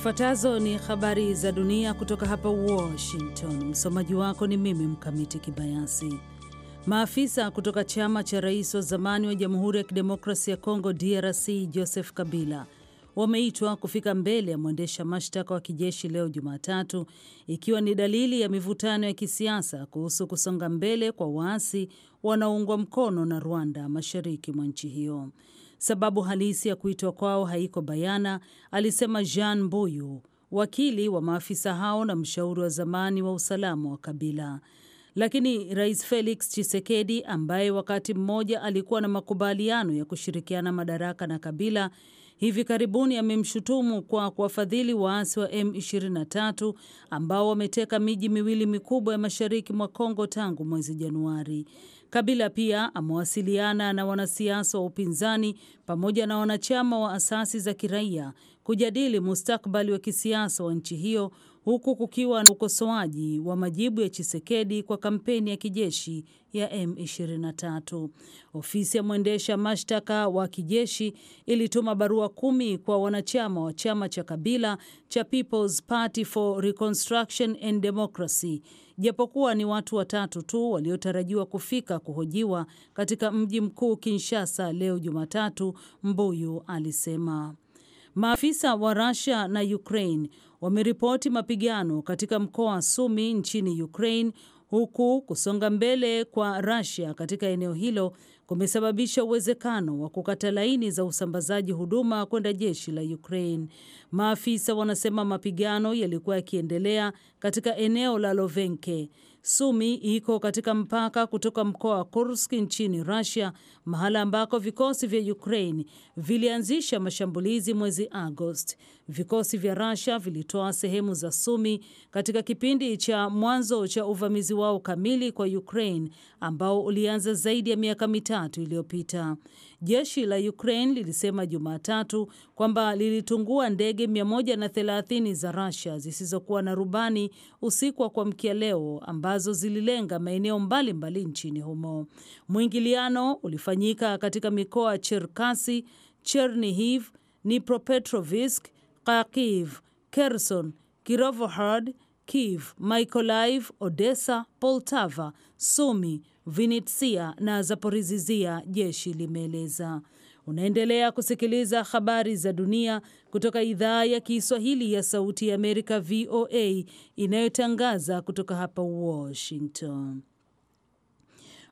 Zifuatazo ni habari za dunia kutoka hapa Washington. Msomaji wako ni mimi Mkamiti Kibayasi. Maafisa kutoka chama cha rais wa zamani wa Jamhuri ya Kidemokrasia ya Kongo DRC Joseph Kabila wameitwa kufika mbele ya mwendesha mashtaka wa kijeshi leo Jumatatu, ikiwa ni dalili ya mivutano ya kisiasa kuhusu kusonga mbele kwa waasi wanaoungwa mkono na Rwanda mashariki mwa nchi hiyo. Sababu halisi ya kuitwa kwao haiko bayana, alisema Jean Mbuyu, wakili wa maafisa hao na mshauri wa zamani wa usalama wa Kabila. Lakini Rais Felix Tshisekedi ambaye wakati mmoja alikuwa na makubaliano ya kushirikiana madaraka na Kabila hivi karibuni amemshutumu kwa kuwafadhili waasi wa M23 ambao wameteka miji miwili mikubwa ya mashariki mwa Kongo tangu mwezi Januari. Kabila pia amewasiliana na wanasiasa wa upinzani pamoja na wanachama wa asasi za kiraia kujadili mustakabali wa kisiasa wa nchi hiyo huku kukiwa na ukosoaji wa majibu ya Chisekedi kwa kampeni ya kijeshi ya M23. Ofisi ya mwendesha mashtaka wa kijeshi ilituma barua kumi kwa wanachama wa chama cha Kabila cha People's Party for Reconstruction and Democracy, japokuwa ni watu watatu tu waliotarajiwa kufika kuhojiwa katika mji mkuu Kinshasa leo Jumatatu, Mbuyu alisema. Maafisa wa Russia na Ukraine wameripoti mapigano katika mkoa wa Sumi nchini Ukraine, huku kusonga mbele kwa Russia katika eneo hilo kumesababisha uwezekano wa kukata laini za usambazaji huduma kwenda jeshi la Ukraine. Maafisa wanasema mapigano yalikuwa yakiendelea katika eneo la Lovenke Sumi iko katika mpaka kutoka mkoa wa Kursk nchini Russia, mahala ambako vikosi vya Ukraine vilianzisha mashambulizi mwezi Agosti. Vikosi vya Russia vilitoa sehemu za Sumi katika kipindi cha mwanzo cha uvamizi wao kamili kwa Ukraine ambao ulianza zaidi ya miaka mitatu iliyopita. Jeshi la Ukraine lilisema Jumatatu kwamba lilitungua ndege 130 za Russia zisizokuwa na rubani usiku wa kuamkia leo ambazo zililenga maeneo mbalimbali nchini humo. Mwingiliano ulifanyika katika mikoa ya Cherkasy, Chernihiv, Dnipropetrovsk, Kharkiv, Kherson, Kirovohrad, Kiev, Mykolaiv, Odessa, Poltava, Sumi, Vinitsia na Zaporizizia, jeshi limeeleza. Unaendelea kusikiliza habari za dunia kutoka idhaa ya Kiswahili ya Sauti ya Amerika, VOA, inayotangaza kutoka hapa Washington.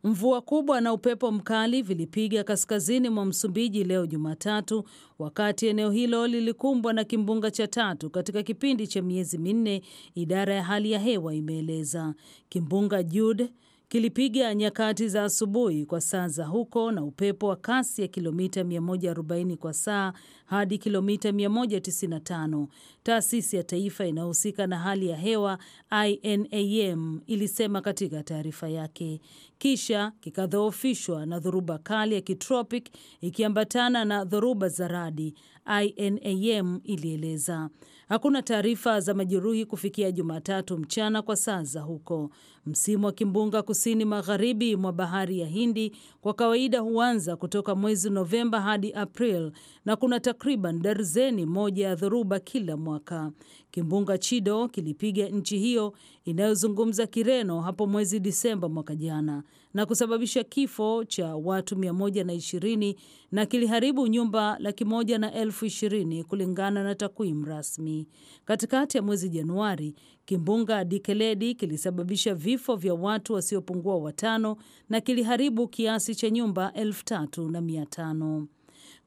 Mvua kubwa na upepo mkali vilipiga kaskazini mwa Msumbiji leo Jumatatu, wakati eneo hilo lilikumbwa na kimbunga cha tatu katika kipindi cha miezi minne, idara ya hali ya hewa imeeleza. Kimbunga Jude kilipiga nyakati za asubuhi kwa saa za huko na upepo wa kasi ya kilomita 140 kwa saa hadi kilomita 195. Taasisi ya taifa inayohusika na hali ya hewa INAM ilisema katika taarifa yake, kisha kikadhoofishwa na dhoruba kali ya kitropic ikiambatana na dhoruba za radi. INAM ilieleza Hakuna taarifa za majeruhi kufikia Jumatatu mchana kwa saa za huko. Msimu wa kimbunga kusini magharibi mwa bahari ya Hindi kwa kawaida huanza kutoka mwezi Novemba hadi April na kuna takriban darzeni moja ya dhoruba kila mwaka. Kimbunga Chido kilipiga nchi hiyo inayozungumza Kireno hapo mwezi Disemba mwaka jana na kusababisha kifo cha watu 120 na kiliharibu nyumba laki moja na elfu ishirini kulingana na takwimu rasmi. Katikati ya mwezi Januari, kimbunga Dikeledi kilisababisha vifo vya watu wasiopungua watano na kiliharibu kiasi cha nyumba elfu tatu na mia tano.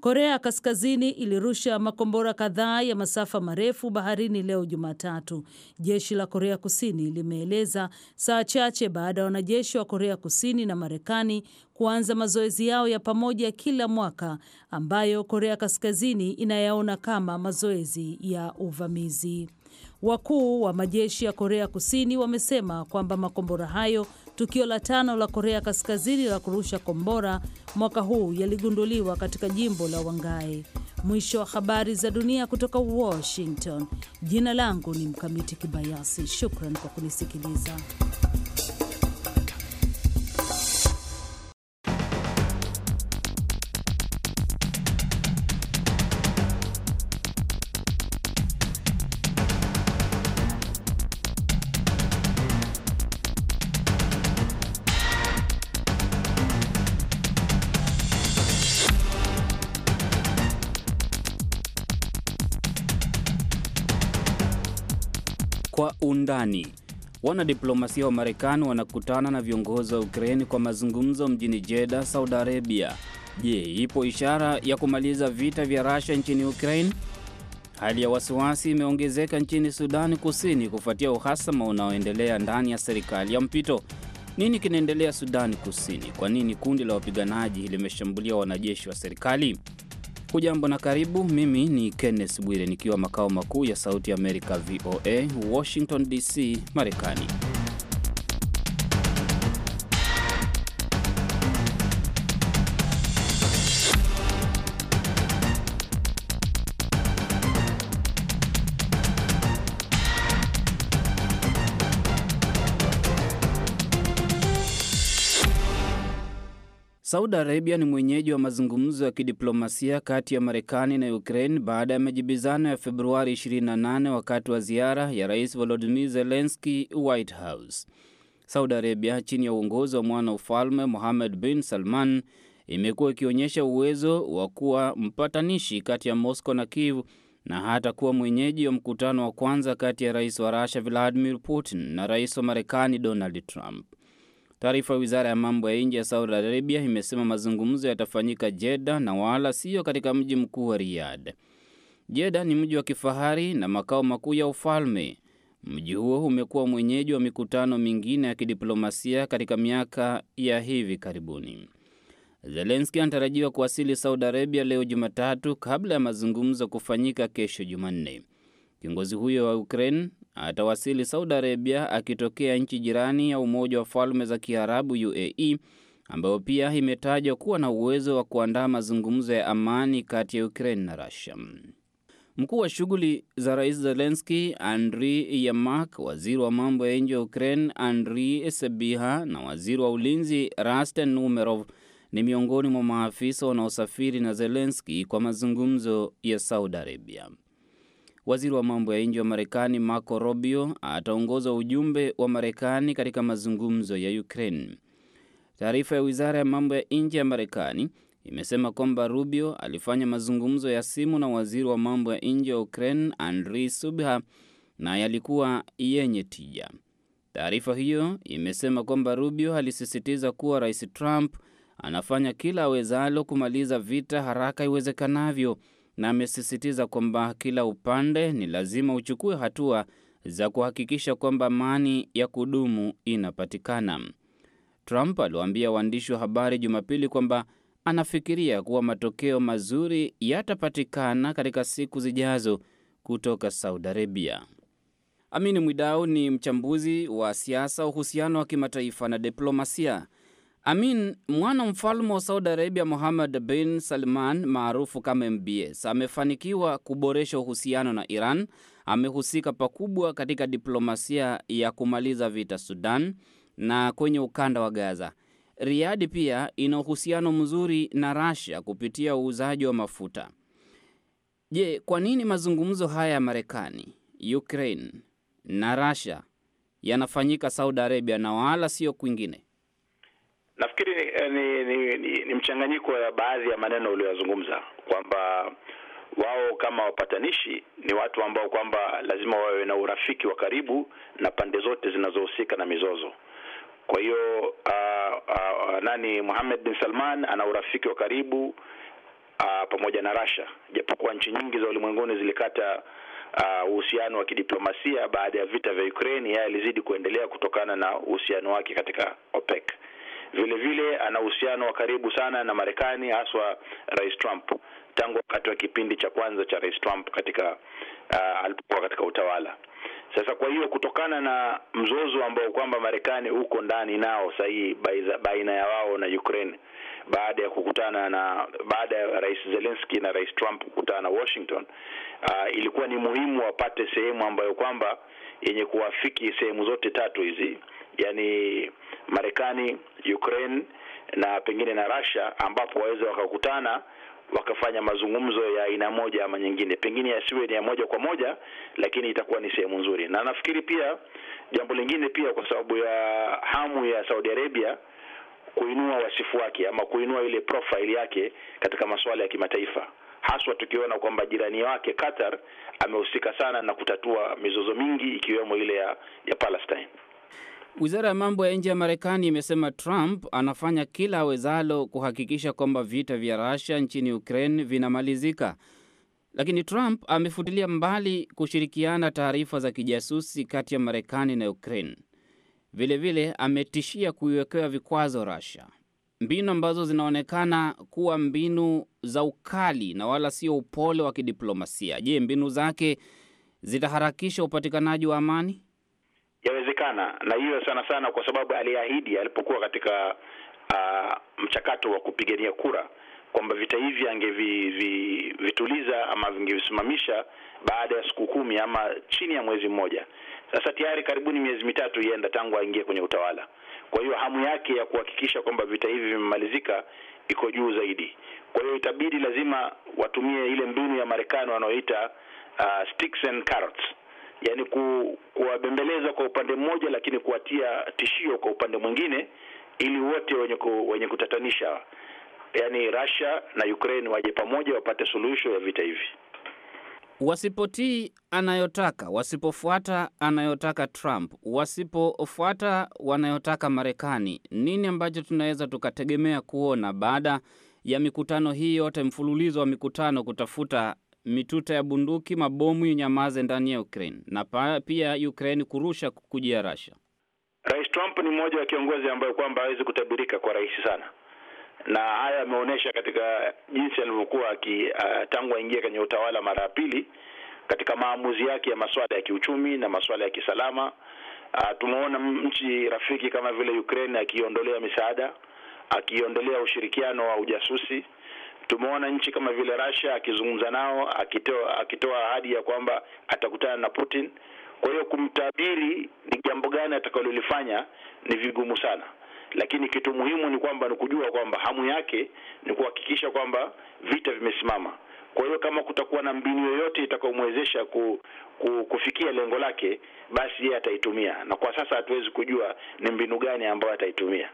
Korea Kaskazini ilirusha makombora kadhaa ya masafa marefu baharini leo Jumatatu, jeshi la Korea Kusini limeeleza saa chache baada ya wanajeshi wa Korea Kusini na Marekani kuanza mazoezi yao ya pamoja kila mwaka ambayo Korea Kaskazini inayaona kama mazoezi ya uvamizi. Wakuu wa majeshi ya Korea Kusini wamesema kwamba makombora hayo, tukio la tano la Korea Kaskazini la kurusha kombora mwaka huu, yaligunduliwa katika jimbo la Wangae. Mwisho wa habari za dunia kutoka Washington. Jina langu ni Mkamiti Kibayasi. Shukran kwa kunisikiliza. amani. Wanadiplomasia wa Marekani wanakutana na viongozi wa Ukraini kwa mazungumzo mjini jeda Saudi Arabia. Je, ipo ishara ya kumaliza vita vya Russia nchini Ukraine? Hali ya wasiwasi imeongezeka nchini Sudani Kusini kufuatia uhasama unaoendelea ndani ya serikali ya mpito. Nini kinaendelea Sudani Kusini? Kwa nini kundi la wapiganaji limeshambulia wanajeshi wa serikali? Hujambo na karibu. Mimi ni Kenneth Bwire nikiwa makao makuu ya Sauti ya Amerika VOA Washington DC, Marekani. Saudi Arabia ni mwenyeji wa mazungumzo ya kidiplomasia kati ya Marekani na Ukraine baada ya majibizano ya Februari 28 wakati wa ziara ya Rais volodimir-zelenski White House. Saudi Arabia chini ya uongozi wa mwana ufalme Mohammed bin Salman imekuwa ikionyesha uwezo wa kuwa mpatanishi kati ya Moscow na Kiev na hata kuwa mwenyeji wa mkutano wa kwanza kati ya Rais wa Russia Vladimir Putin na Rais wa Marekani Donald Trump. Taarifa ya wizara ya mambo ya nje ya Saudi Arabia imesema mazungumzo yatafanyika Jeddah na wala sio katika mji mkuu wa Riyadh. Jeddah ni mji wa kifahari na makao makuu ya ufalme. Mji huo umekuwa mwenyeji wa mikutano mingine ya kidiplomasia katika miaka ya hivi karibuni. Zelenski anatarajiwa kuwasili Saudi Arabia leo Jumatatu kabla ya mazungumzo kufanyika kesho Jumanne. Kiongozi huyo wa Ukraine atawasili Saudi Arabia akitokea nchi jirani ya Umoja wa Falme za Kiarabu UAE ambayo pia imetajwa kuwa na uwezo wa kuandaa mazungumzo ya amani kati ya Ukraine na Russia. Mkuu wa shughuli za Rais Zelensky andri yamak waziri wa mambo ya nje ya Ukraine andri Sebiha na waziri wa ulinzi Rasten Numerov ni miongoni mwa maafisa wanaosafiri na Zelensky kwa mazungumzo ya Saudi Arabia. Waziri wa mambo ya nje wa Marekani Marco Rubio ataongoza ujumbe wa Marekani katika mazungumzo ya Ukraine. Taarifa ya wizara ya mambo ya nje ya Marekani imesema kwamba Rubio alifanya mazungumzo ya simu na waziri wa mambo ya nje wa Ukraine Andrii Subha na yalikuwa yenye tija. Taarifa hiyo imesema kwamba Rubio alisisitiza kuwa Rais Trump anafanya kila awezalo kumaliza vita haraka iwezekanavyo na amesisitiza kwamba kila upande ni lazima uchukue hatua za kuhakikisha kwamba amani ya kudumu inapatikana. Trump aliwaambia waandishi wa habari Jumapili kwamba anafikiria kuwa matokeo mazuri yatapatikana katika siku zijazo kutoka Saudi Arabia. Amini Mwidau ni mchambuzi wa siasa, uhusiano wa kimataifa na diplomasia. Amin, mwana mfalme wa Saudi Arabia Mohammed bin Salman maarufu kama MBS amefanikiwa kuboresha uhusiano na Iran. Amehusika pakubwa katika diplomasia ya kumaliza vita Sudan na kwenye ukanda wa Gaza. Riadi pia ina uhusiano mzuri na Russia kupitia uuzaji wa mafuta. Je, kwa nini mazungumzo haya ya Marekani, Ukraine na Russia yanafanyika Saudi Arabia na wala sio kwingine? Nafikiri ni, eh, ni, ni, ni, ni mchanganyiko ya baadhi ya maneno uliyozungumza kwamba wao kama wapatanishi ni watu ambao kwamba lazima wawe na urafiki wa karibu na pande zote zinazohusika na mizozo. Kwa hiyo uh, uh, nani muhamed bin Salman ana urafiki wa karibu uh, pamoja na rasha japokuwa nchi nyingi za ulimwenguni zilikata uhusiano wa kidiplomasia baada ya vita vya Ukraine, yeye alizidi kuendelea kutokana na uhusiano wake katika OPEC. Vile vile ana uhusiano wa karibu sana na Marekani, haswa Rais Trump tangu wakati wa kipindi cha kwanza cha Rais Trump katika uh, alipokuwa katika utawala. Sasa kwa hiyo kutokana na mzozo ambao kwamba Marekani uko ndani nao sasa hii baina ya wao na Ukraine, baada ya kukutana na baada ya Rais Zelensky na Rais Trump kukutana Washington, uh, ilikuwa ni muhimu wapate sehemu ambayo kwamba yenye kuwafiki sehemu zote tatu hizi, yani Marekani, Ukraine na pengine na Russia, ambapo waweza wakakutana wakafanya mazungumzo ya aina moja ama nyingine, pengine yasiwe ni ya moja kwa moja, lakini itakuwa ni sehemu nzuri. Na nafikiri pia jambo lingine pia, kwa sababu ya hamu ya Saudi Arabia kuinua wasifu wake ama kuinua ile profile yake katika masuala ya kimataifa haswa tukiona kwamba jirani wake Qatar amehusika sana na kutatua mizozo mingi ikiwemo ile ya, ya Palestine. Wizara ya mambo ya nje ya Marekani imesema Trump anafanya kila awezalo kuhakikisha kwamba vita vya Russia nchini Ukraine vinamalizika. Lakini Trump amefutilia mbali kushirikiana taarifa za kijasusi kati ya Marekani na Ukraine. Vilevile ametishia kuiwekewa vikwazo Russia mbinu ambazo zinaonekana kuwa mbinu za ukali na wala sio upole wa kidiplomasia. Je, mbinu zake zitaharakisha upatikanaji wa amani? Yawezekana, na hiyo sana sana kwa sababu aliahidi alipokuwa katika uh, mchakato wa kupigania kura kwamba vita hivi angevituliza vi, ama vingevisimamisha baada ya siku kumi ama chini ya mwezi mmoja. Sasa tayari karibuni miezi mitatu ienda tangu aingie kwenye utawala. Kwa hiyo hamu yake ya kuhakikisha kwamba vita hivi vimemalizika iko juu zaidi. Kwa hiyo itabidi lazima watumie ile mbinu ya Marekani wanaoita uh, sticks and carrots, yaani ku, kuwabembeleza kwa upande mmoja, lakini kuwatia tishio kwa upande mwingine, ili wote wenye, ku, wenye kutatanisha, yani Russia na Ukraine waje pamoja, wapate suluhisho ya vita hivi. Wasipotii anayotaka, wasipofuata anayotaka Trump, wasipofuata wanayotaka Marekani, nini ambacho tunaweza tukategemea kuona baada ya mikutano hii yote, mfululizo wa mikutano kutafuta mituta ya bunduki, mabomu inyamaze ndani ya Ukraine na pia Ukraine kurusha kujia Russia? Rais Trump ni mmoja wa kiongozi ambayo kwamba hawezi kutabirika kwa rahisi sana na haya ameonyesha katika jinsi alivyokuwa uh, tangu aingia kwenye utawala mara ya pili katika maamuzi yake ya masuala ya kiuchumi na masuala ya kisalama. Uh, tumeona nchi rafiki kama vile Ukraine akiondolea misaada, akiondolea ushirikiano wa ujasusi. Tumeona nchi kama vile Russia akizungumza nao, akitoa akitoa ahadi ya kwamba atakutana na Putin. Kwa hiyo kumtabiri ni jambo gani atakalolifanya ni vigumu sana lakini kitu muhimu ni kwamba ni kujua kwamba hamu yake ni kuhakikisha kwamba vita vimesimama. Kwa hiyo kama kutakuwa na mbinu yoyote itakayomwezesha ku, ku, kufikia lengo lake, basi yeye ataitumia, na kwa sasa hatuwezi kujua ni mbinu gani ambayo ataitumia.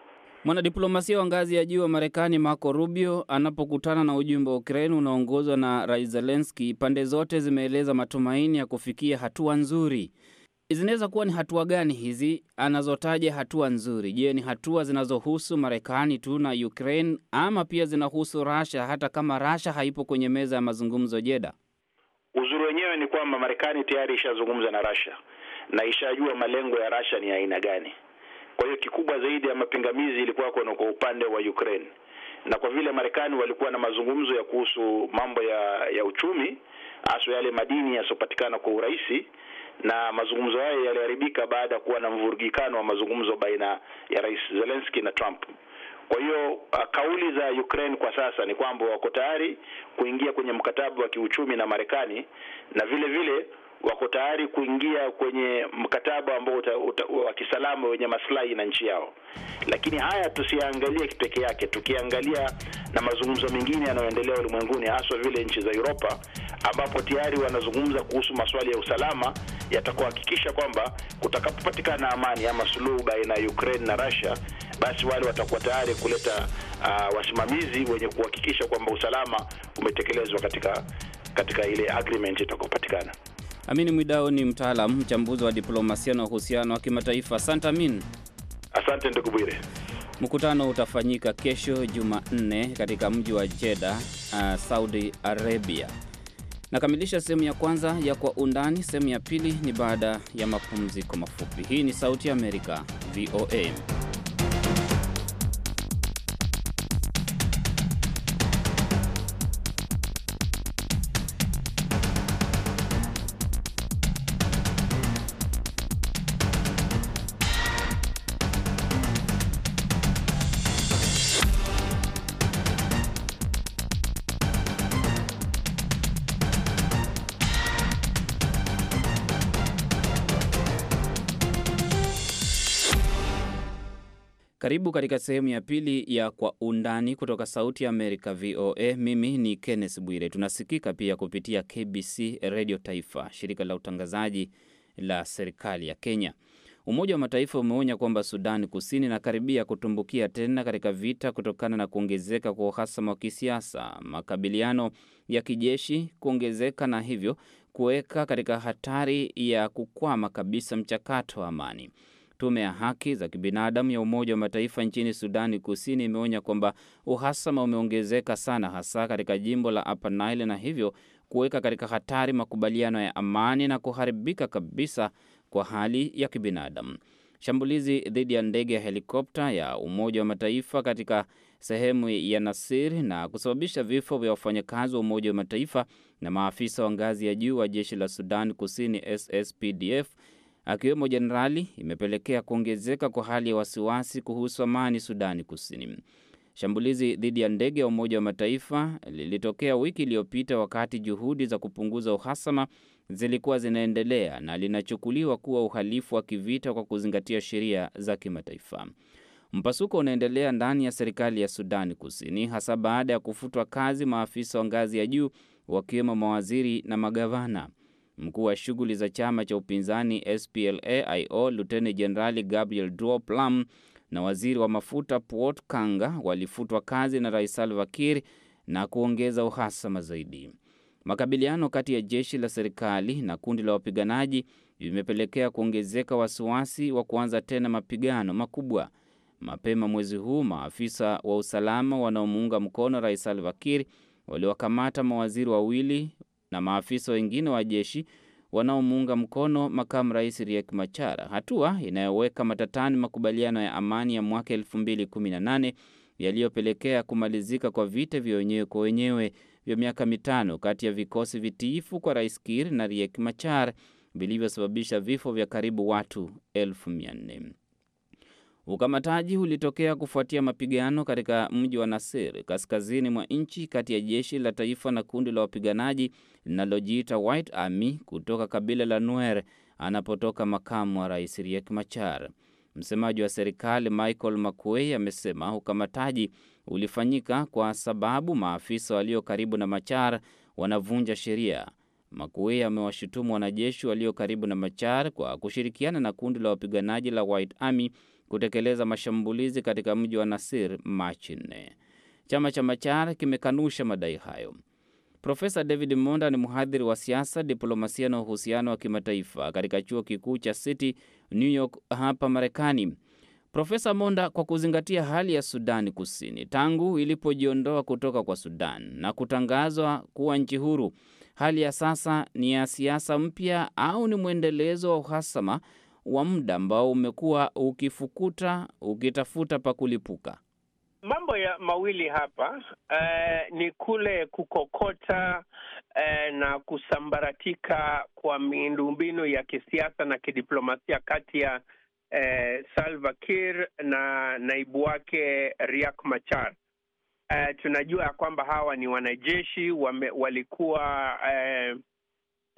Mwanadiplomasia wa ngazi ya juu wa Marekani Marco Rubio anapokutana na ujumbe wa Ukraine unaongozwa na Rais Zelensky, pande zote zimeeleza matumaini ya kufikia hatua nzuri zinaweza kuwa ni hatua gani hizi anazotaja hatua nzuri? Je, ni hatua zinazohusu Marekani tu na Ukraine ama pia zinahusu Russia, hata kama Russia haipo kwenye meza ya mazungumzo Jeda? Uzuri wenyewe ni kwamba Marekani tayari ishazungumza na Russia na ishajua malengo ya Russia ni aina gani. Kwa hiyo kikubwa zaidi ya mapingamizi ilikuwa kwa upande wa Ukraine, na kwa vile Marekani walikuwa na mazungumzo ya kuhusu mambo ya, ya uchumi, haswa yale madini yasiyopatikana kwa urahisi na mazungumzo hayo yaliharibika baada ya kuwa na mvurugikano wa mazungumzo baina ya Rais Zelensky na Trump. Kwa hiyo uh, kauli za Ukraine kwa sasa ni kwamba wako tayari kuingia kwenye mkataba wa kiuchumi na Marekani na vile vile wako tayari kuingia kwenye mkataba ambao wa kisalama wenye maslahi na nchi yao. Lakini haya tusiangalie peke yake, tukiangalia na mazungumzo mengine yanayoendelea ulimwenguni, haswa vile nchi za Europa, ambapo tayari wanazungumza kuhusu maswali ya usalama yatakuhakikisha kwamba kutakapopatikana amani ama suluhu baina ya Ukraine na Russia, basi wale watakuwa tayari kuleta uh, wasimamizi wenye kuhakikisha kwamba usalama umetekelezwa katika katika ile agreement itakopatikana. Amin Mwidao ni mtaalam mchambuzi wa diplomasia na uhusiano wa kimataifa. Asante Amin. Asante ndugu Bwire. Mkutano utafanyika kesho Jumanne katika mji wa jeda uh, Saudi Arabia. Nakamilisha sehemu ya kwanza ya Kwa Undani. Sehemu ya pili ni baada ya mapumziko mafupi. Hii ni Sauti ya Amerika, VOA. Karibu katika sehemu ya pili ya Kwa Undani kutoka Sauti ya Amerika, VOA. Mimi ni Kenneth Bwire. Tunasikika pia kupitia KBC Redio Taifa, shirika la utangazaji la serikali ya Kenya. Umoja wa Mataifa umeonya kwamba Sudani Kusini inakaribia kutumbukia tena katika vita kutokana na kuongezeka kwa uhasama wa kisiasa, makabiliano ya kijeshi kuongezeka, na hivyo kuweka katika hatari ya kukwama kabisa mchakato wa amani. Tume ya haki za kibinadamu ya Umoja wa Mataifa nchini Sudani Kusini imeonya kwamba uhasama umeongezeka sana, hasa katika jimbo la Upper Nile na hivyo kuweka katika hatari makubaliano ya amani na kuharibika kabisa kwa hali ya kibinadamu. Shambulizi dhidi ya ndege ya helikopta ya Umoja wa Mataifa katika sehemu ya Nasir na kusababisha vifo vya wafanyakazi wa Umoja wa Mataifa na maafisa wa ngazi ya juu wa jeshi la Sudan Kusini SSPDF akiwemo jenerali imepelekea kuongezeka kwa hali ya wasiwasi kuhusu amani Sudani Kusini. Shambulizi dhidi ya ndege ya Umoja wa Mataifa lilitokea wiki iliyopita wakati juhudi za kupunguza uhasama zilikuwa zinaendelea na linachukuliwa kuwa uhalifu wa kivita kwa kuzingatia sheria za kimataifa. Mpasuko unaendelea ndani ya serikali ya Sudani Kusini, hasa baada ya kufutwa kazi maafisa wa ngazi ya juu wakiwemo mawaziri na magavana. Mkuu wa shughuli za chama cha upinzani SPLA-IO Luteni Jenerali Gabriel Duo Plum na waziri wa mafuta Puot Kanga walifutwa kazi na Rais Salva Kiir na kuongeza uhasama zaidi. Makabiliano kati ya jeshi la serikali na kundi la wapiganaji vimepelekea kuongezeka wasiwasi wa kuanza tena mapigano makubwa. Mapema mwezi huu, maafisa wa usalama wanaomuunga mkono Rais Salva Kiir waliwakamata mawaziri wawili na maafisa wengine wa jeshi wanaomuunga mkono makamu rais Riek Machar, hatua inayoweka matatani makubaliano ya amani ya mwaka 2018 yaliyopelekea kumalizika kwa vita vya wenyewe kwa wenyewe vya miaka mitano kati ya vikosi vitiifu kwa rais Kiir na Riek Machar vilivyosababisha vifo vya karibu watu elfu mia nne. Ukamataji ulitokea kufuatia mapigano katika mji wa Nasir kaskazini mwa nchi kati ya jeshi la taifa na kundi la wapiganaji linalojiita White Army kutoka kabila la Nuer anapotoka makamu wa rais Riek Machar. Msemaji wa serikali Michael Makuei amesema ukamataji ulifanyika kwa sababu maafisa walio karibu na Machar wanavunja sheria. Makuei amewashutumu wanajeshi walio karibu na Machar kwa kushirikiana na kundi la wapiganaji la White Army kutekeleza mashambulizi katika mji wa Nasir Machi 4. Chama cha Machar kimekanusha madai hayo. Profesa David Monda ni mhadhiri wa siasa, diplomasia na uhusiano wa kimataifa katika chuo kikuu cha City New York hapa Marekani. Profesa Monda, kwa kuzingatia hali ya Sudani Kusini tangu ilipojiondoa kutoka kwa Sudan na kutangazwa kuwa nchi huru, hali ya sasa ni ya siasa mpya au ni mwendelezo wa uhasama wa muda ambao umekuwa ukifukuta ukitafuta pa kulipuka? Mambo ya mawili hapa uh, ni kule kukokota uh, na kusambaratika kwa miundombinu ya kisiasa na kidiplomasia kati ya uh, Salva Kiir na naibu wake Riek Machar. Uh, tunajua ya kwamba hawa ni wanajeshi wame, walikuwa uh,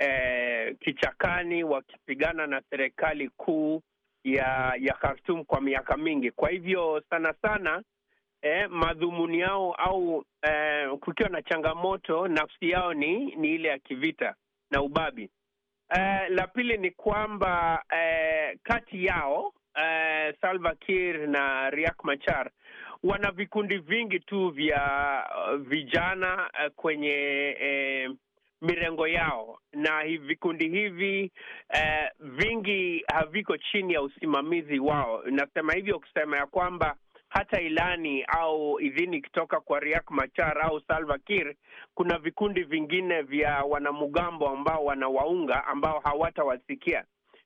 eh, kichakani wakipigana na serikali kuu ya ya Khartoum kwa miaka mingi. Kwa hivyo sana sana eh, madhumuni yao au eh, kukiwa na changamoto, nafsi yao ni ni ile ya kivita na ubabi. Eh, la pili ni kwamba eh, kati yao eh, Salva Kiir na Riek Machar wana vikundi vingi tu vya eh, vijana eh, kwenye eh, mirengo yao, na vikundi hivi eh, vingi haviko chini ya usimamizi wao. Nasema hivyo kusema ya kwamba hata ilani au idhini kutoka kwa riak Machar au Salva kuna vikundi vingine vya wanamgambo ambao wanawaunga ambao hawatawasikia.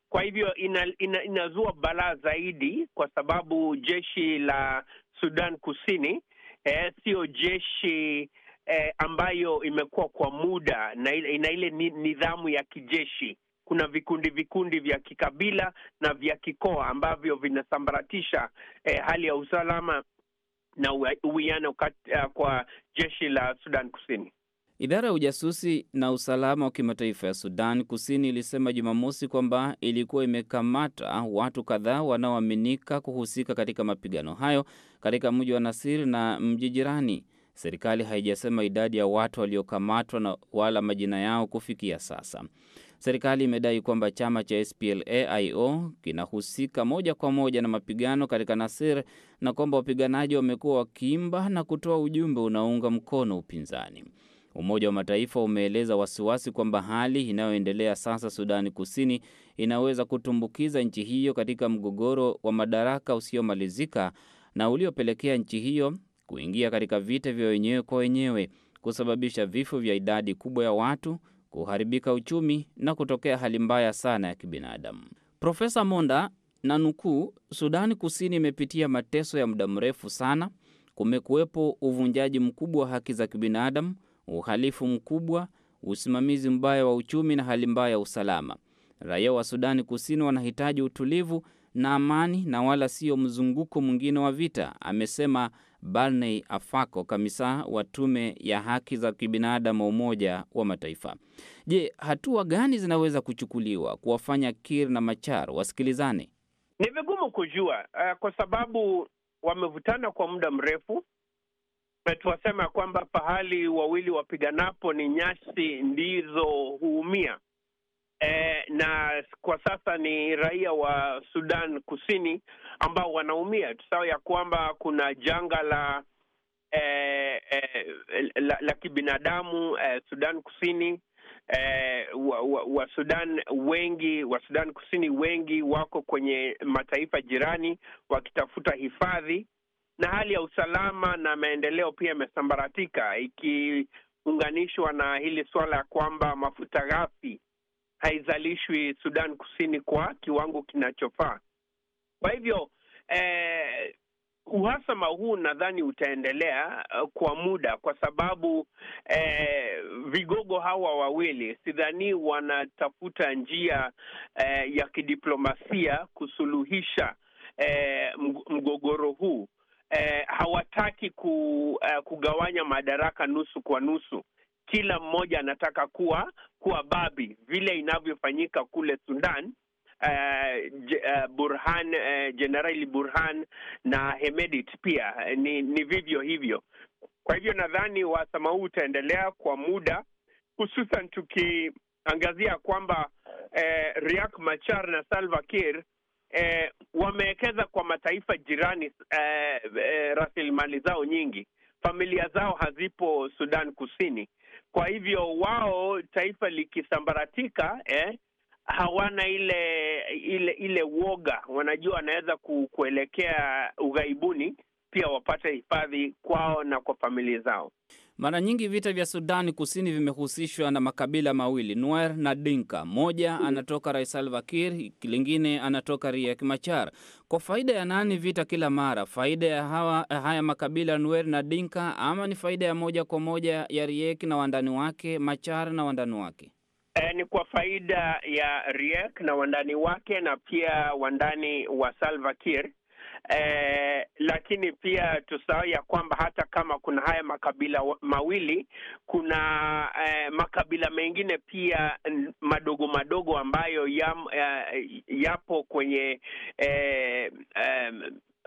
Kwa hivyo ina, ina, inazua balaa zaidi, kwa sababu jeshi la Sudan Kusini eh, sio jeshi eh, ambayo imekuwa kwa muda na ile, na ile nidhamu ya kijeshi. Kuna vikundi vikundi vya kikabila na vya kikoa ambavyo vinasambaratisha eh, hali ya usalama na uwiano eh, kwa jeshi la Sudan Kusini. Idara ya ujasusi na usalama wa kimataifa ya Sudan Kusini ilisema Jumamosi kwamba ilikuwa imekamata watu kadhaa wanaoaminika kuhusika katika mapigano hayo katika mji wa Nasir na mji jirani. Serikali haijasema idadi ya watu waliokamatwa na wala majina yao kufikia sasa. Serikali imedai kwamba chama cha splaio kinahusika moja kwa moja na mapigano katika Nasir na kwamba wapiganaji wamekuwa wakiimba na kutoa ujumbe unaounga mkono upinzani. Umoja wa Mataifa umeeleza wasiwasi kwamba hali inayoendelea sasa Sudani Kusini inaweza kutumbukiza nchi hiyo katika mgogoro wa madaraka usiomalizika na uliopelekea nchi hiyo kuingia katika vita vya wenyewe kwa wenyewe, kusababisha vifo vya idadi kubwa ya watu, kuharibika uchumi na kutokea hali mbaya sana ya kibinadamu. Profesa Monda na nukuu, Sudani Kusini imepitia mateso ya muda mrefu sana. Kumekuwepo uvunjaji mkubwa wa haki za kibinadamu, uhalifu mkubwa, usimamizi mbaya wa uchumi na hali mbaya ya usalama. Raia wa Sudani Kusini wanahitaji utulivu na amani na wala sio mzunguko mwingine wa vita, amesema Barney Afako, kamisa wa tume ya haki za kibinadamu Umoja wa Mataifa. Je, hatua gani zinaweza kuchukuliwa kuwafanya Kir na Machar wasikilizane? Ni vigumu kujua uh, kwa sababu wamevutana kwa muda mrefu na tuwasema kwamba pahali wawili wapiganapo ni nyasi ndizo huumia eh, na kwa sasa ni raia wa Sudan Kusini ambao wanaumia Tusawa ya kwamba kuna janga la eh, eh, la, la kibinadamu eh, Sudan Kusini eh, wa, wa, wa Sudan wengi wa Sudan Kusini wengi wako kwenye mataifa jirani wakitafuta hifadhi na hali ya usalama na maendeleo pia yamesambaratika ikiunganishwa na hili suala ya kwamba mafuta ghafi haizalishwi Sudan Kusini kwa kiwango kinachofaa. Kwa hivyo eh, uhasama huu nadhani utaendelea eh, kwa muda, kwa sababu eh, vigogo hawa wawili sidhani wanatafuta njia eh, ya kidiplomasia kusuluhisha eh, mgogoro huu. Eh, hawataki ku, eh, kugawanya madaraka nusu kwa nusu kila mmoja anataka kuwa kuwa babi vile inavyofanyika kule Sudan. Uh, uh, Burhan uh, eh, Jenerali Burhan na hemedit pia ni, ni vivyo hivyo. Kwa hivyo nadhani wasama huu utaendelea kwa muda, hususan tukiangazia kwamba uh, riak Machar na Salva uh, wamewekeza kwa mataifa jirani uh, uh, rasilimali zao nyingi, familia zao hazipo Sudan Kusini. Kwa hivyo wao taifa likisambaratika, eh, hawana ile ile ile woga, wanajua wanaweza kuelekea ughaibuni pia wapate hifadhi kwao na kwa familia zao. Mara nyingi vita vya Sudani Kusini vimehusishwa na makabila mawili, Nuer na Dinka. Moja anatoka Rais Salva Kiir, lingine anatoka Riek Machar. Kwa faida ya nani vita kila mara? Faida ya hawa, haya makabila Nuer na Dinka, ama ni faida ya moja kwa moja ya Riek na wandani wake, Machar na wandani wake? E, ni kwa faida ya Riek na wandani wake na pia wandani wa Salva Kiir eh, lakini pia tusahau ya kwamba hata kama kuna haya makabila mawili, kuna eh, makabila mengine pia madogo madogo ambayo ya, eh, yapo kwenye eh, eh,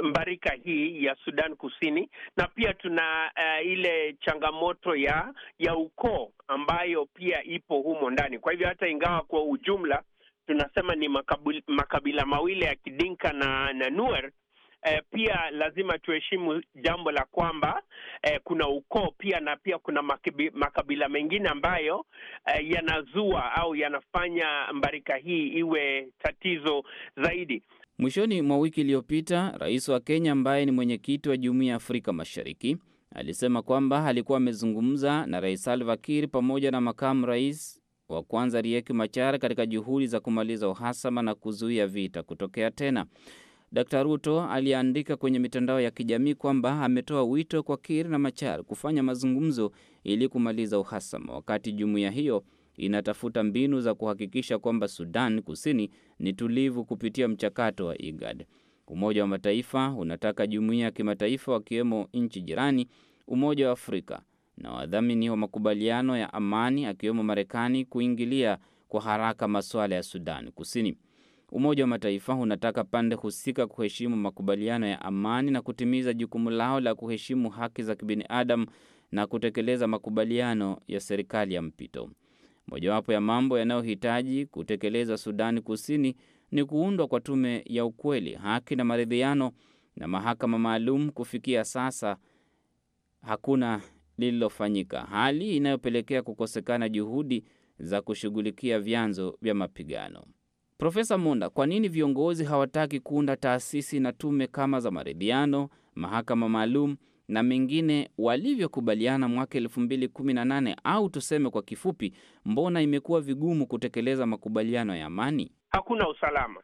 mbarika hii ya Sudan Kusini, na pia tuna uh, ile changamoto ya ya ukoo ambayo pia ipo humo ndani. Kwa hivyo hata ingawa kwa ujumla tunasema ni makabila, makabila mawili ya Kidinka na, na Nuer eh, pia lazima tuheshimu jambo la kwamba eh, kuna ukoo pia na pia kuna makibi, makabila mengine ambayo eh, yanazua au yanafanya mbarika hii iwe tatizo zaidi. Mwishoni mwa wiki iliyopita, rais wa Kenya ambaye ni mwenyekiti wa Jumuiya ya Afrika Mashariki alisema kwamba alikuwa amezungumza na Rais alvakir pamoja na makamu rais wa kwanza rieki Machar katika juhudi za kumaliza uhasama na kuzuia vita kutokea tena. Dkt Ruto aliandika kwenye mitandao ya kijamii kwamba ametoa wito kwa Kiir na Machar kufanya mazungumzo ili kumaliza uhasama, wakati jumuiya hiyo inatafuta mbinu za kuhakikisha kwamba Sudan Kusini ni tulivu kupitia mchakato wa IGAD. Umoja wa Mataifa unataka jumuiya ya kimataifa wakiwemo nchi jirani, Umoja wa Afrika na wadhamini wa makubaliano ya amani akiwemo Marekani kuingilia kwa haraka masuala ya Sudan Kusini. Umoja wa Mataifa unataka pande husika kuheshimu makubaliano ya amani na kutimiza jukumu lao la kuheshimu haki za kibinadamu na kutekeleza makubaliano ya serikali ya mpito. Mojawapo ya mambo yanayohitaji kutekelezwa Sudani Kusini ni kuundwa kwa tume ya ukweli, haki na maridhiano na mahakama maalum. Kufikia sasa hakuna lililofanyika, hali inayopelekea kukosekana juhudi za kushughulikia vyanzo vya mapigano. Profesa Monda, kwa nini viongozi hawataki kuunda taasisi na tume kama za maridhiano, mahakama maalum na mengine walivyokubaliana mwaka 2018 au tuseme kwa kifupi, mbona imekuwa vigumu kutekeleza makubaliano ya amani? Hakuna usalama.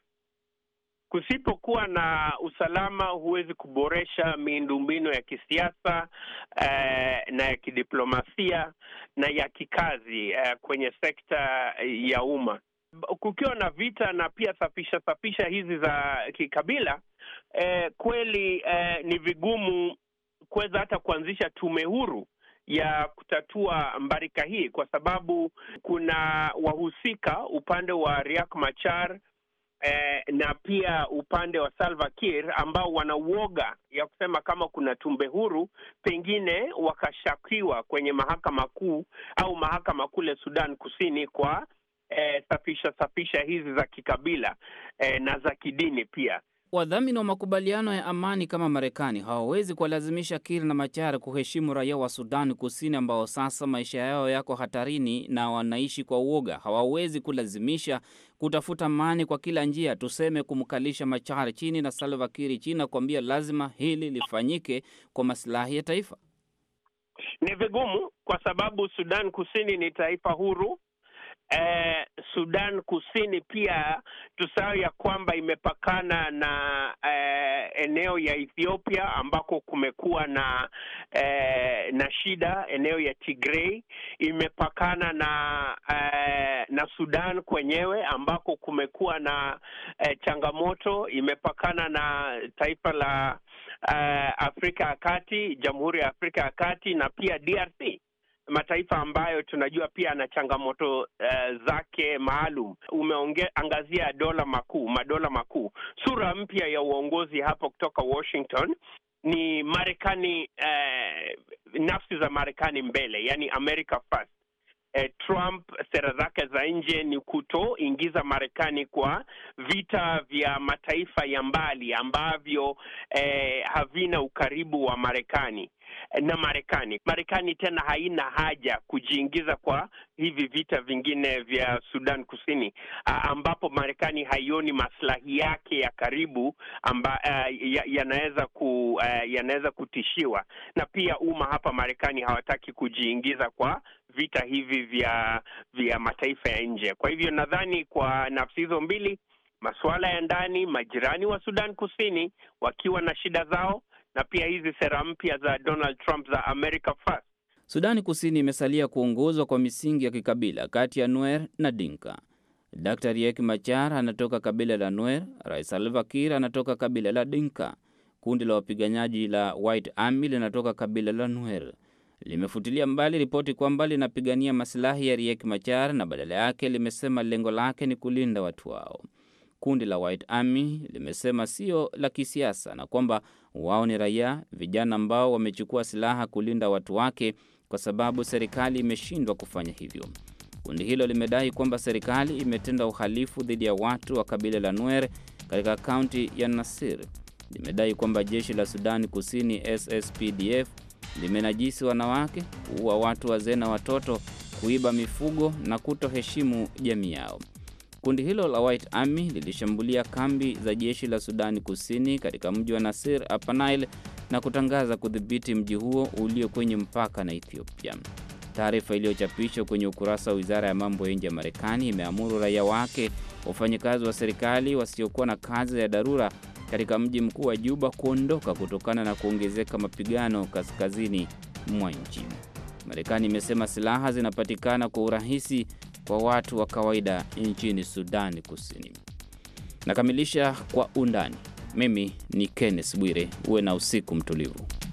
Kusipokuwa na usalama, huwezi kuboresha miundombinu ya kisiasa eh, na ya kidiplomasia na ya kikazi eh, kwenye sekta ya umma kukiwa na vita na pia safisha safisha hizi za kikabila eh, kweli eh, ni vigumu kuweza hata kuanzisha tume huru ya kutatua mbarika hii, kwa sababu kuna wahusika upande wa riak Machar eh, na pia upande wa Salva ambao wana uoga ya kusema kama kuna tume huru, pengine wakashakiwa kwenye mahakama kuu au mahakama kule Sudan Kusini kwa eh, safisha safisha hizi za kikabila eh, na za kidini pia. Wadhamini wa makubaliano ya amani kama Marekani hawawezi kuwalazimisha Kiir na Machar kuheshimu raia wa Sudan Kusini ambao sasa maisha yao yako hatarini na wanaishi kwa uoga. Hawawezi kulazimisha kutafuta amani kwa kila njia, tuseme kumkalisha Machar chini na Salva Kiir chini na kuambia lazima hili lifanyike kwa masilahi ya taifa. Ni vigumu kwa sababu Sudan Kusini ni taifa huru eh, Sudan Kusini pia tusahau ya kwamba imepakana na eh, eneo ya Ethiopia ambako kumekuwa na eh, na shida, eneo ya Tigray imepakana na eh, na Sudan kwenyewe ambako kumekuwa na eh, changamoto, imepakana na taifa la Uh, Afrika ya Kati, Jamhuri ya Afrika ya Kati na pia DRC mataifa ambayo tunajua pia ana changamoto uh, zake maalum. Umeangazia dola makuu, madola makuu. Sura mpya ya uongozi hapo kutoka Washington ni Marekani, uh, nafsi za Marekani mbele, yani America first. Eh, Trump sera zake za nje ni kutoingiza Marekani kwa vita vya mataifa ya mbali ambavyo eh, havina ukaribu wa Marekani na Marekani. Marekani tena haina haja kujiingiza kwa hivi vita vingine vya Sudan Kusini, ambapo Marekani haioni maslahi yake ya karibu amba, uh, yanaweza ku, uh, yanaweza kutishiwa, na pia umma hapa Marekani hawataki kujiingiza kwa vita hivi vya vya mataifa ya nje. Kwa hivyo nadhani kwa nafsi hizo mbili, masuala ya ndani, majirani wa Sudan Kusini wakiwa na shida zao na pia hizi sera mpya za Donald Trump za America First. Sudani Kusini imesalia kuongozwa kwa misingi ya kikabila kati ya Nuer na Dinka. Dr. Riek Machar anatoka kabila la Nuer, Rais Salva Kiir anatoka kabila la Dinka. Kundi la wapiganaji la White Army linatoka kabila la Nuer. Limefutilia mbali ripoti kwamba linapigania masilahi ya Riek Machar na badala yake limesema lengo lake ni kulinda watu wao kundi la White Army limesema sio la kisiasa na kwamba wao ni raia vijana ambao wamechukua silaha kulinda watu wake kwa sababu serikali imeshindwa kufanya hivyo. Kundi hilo limedai kwamba serikali imetenda uhalifu dhidi ya watu wa kabila la Nuer katika kaunti ya Nasir. Limedai kwamba jeshi la Sudani Kusini SSPDF limenajisi wanawake, kuua watu wazee na watoto, kuiba mifugo na kutoheshimu jamii yao. Kundi hilo la White Army lilishambulia kambi za jeshi la Sudani Kusini katika mji wa Nasir Apanail na kutangaza kudhibiti mji huo ulio kwenye mpaka na Ethiopia. Taarifa iliyochapishwa kwenye ukurasa wa wizara ya mambo ya nje ya Marekani imeamuru raia wake, wafanyakazi wa serikali wasiokuwa na kazi ya dharura katika mji mkuu wa Juba kuondoka kutokana na kuongezeka mapigano kaskazini mwa nchi. Marekani imesema silaha zinapatikana kwa urahisi kwa watu wa kawaida nchini Sudani Kusini. Nakamilisha kwa undani. Mimi ni Kenneth Bwire, uwe na usiku mtulivu.